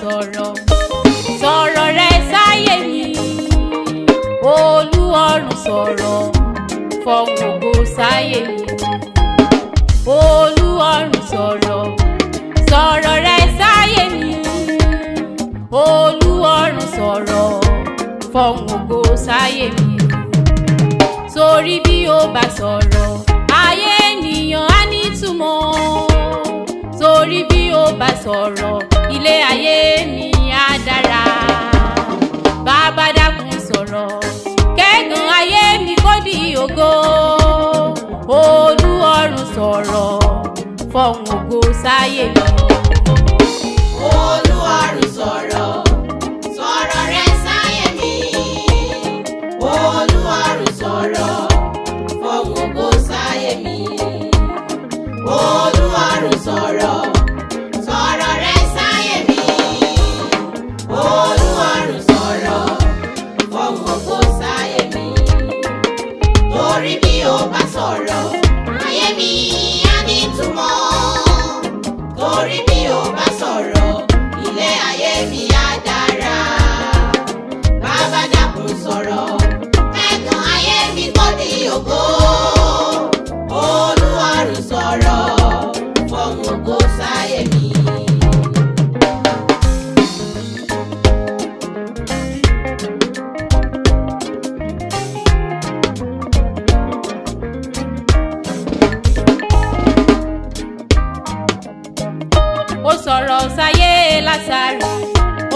sọ̀rọ̀ sọ̀rọ̀ rẹ sáyé mi olúọ̀run sọ̀rọ̀ fọ̀hùn ògo sáyé mi olúọ̀run sọ̀rọ̀ sọ̀rọ̀ rẹ sáyé mi olúọ̀run sọ̀rọ̀ fọ̀hùn ògo sáyé mi torí bí ó bá sọ̀rọ̀ ayé ènìyàn á nítumọ̀ torí bí ó bá sọ̀rọ̀ ilé ayé mi á dára bàbá dákun sọ̀rọ̀ kẹ́gàn ayé mi kó di ògo olú ọ̀run sọ̀rọ̀ fọ̀hún ògo sáyé olú ọ̀run sọ̀rọ̀.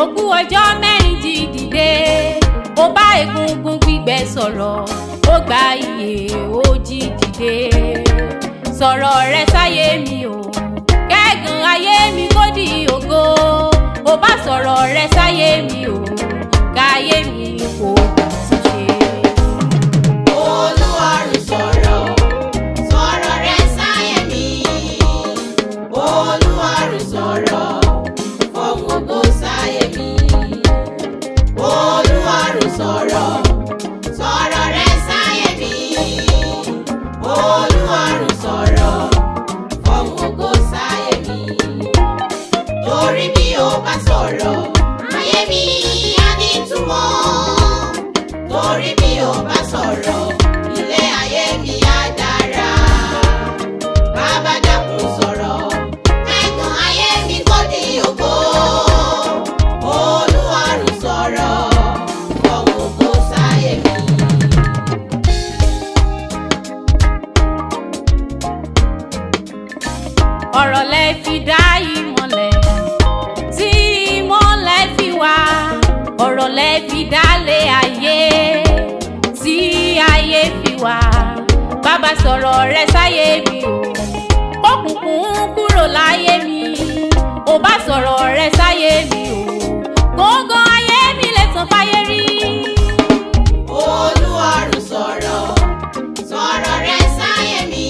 ó kú ọjọ́ mẹ́rin ti dìde ó bá egungun gbígbẹ sọ̀rọ̀ ó gba iye ó jí dìde sọ̀rọ̀ rẹ sáyé mi o kẹ́gàn ayé mi kó di ògo ó bá sọ̀rọ̀ rẹ sáyé mi o káyé mi. sọ̀rọ̀ sọ̀rọ̀ rẹ sáyé mi olúwarùn sọ̀rọ̀ fọ̀hún kò sáyé mi torí bí o bá sọ̀rọ̀. sọ̀rọ̀ rẹ sáyé mi o kókùnkùn kúrò láyé mi ò bá sọ̀rọ̀ rẹ sáyé mi o gógó ayé mi lè sọ fáyé rí. olúwarù sọ̀rọ̀ sọ̀rọ̀ rẹ sáyé mi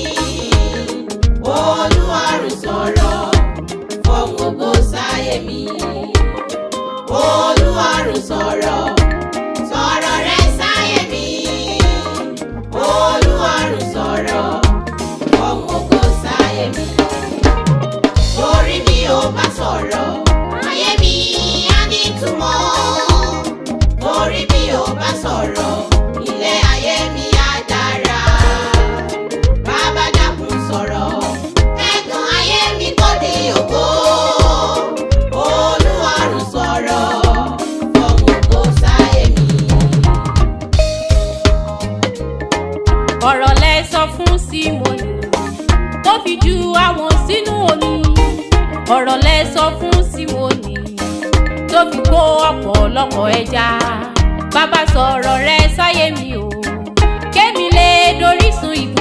olúwarù sọ̀rọ̀ fọ gbogbo sáyé mi olúwarù sọ̀rọ̀. bá sọ̀rọ̀ ayé mi á ní ìtumọ̀ torí bí o bá sọ̀rọ̀ ilé ayé mi á dára bàbá dákun sọ̀rọ̀ ẹ̀gàn ayé mi kò ní ògo olúwarùn sọ̀rọ̀. ọ̀rọ̀ lẹ sọ fún Símónì tó fi ju àwọn sínú omi ọ̀rọ̀ lẹ sọ fún Síwónì tó fi kó ọ̀pọ̀lọpọ̀ ẹja bàbá sọ̀rọ̀ rẹ sáyé mi o kémi lè dorísun ìfẹ́.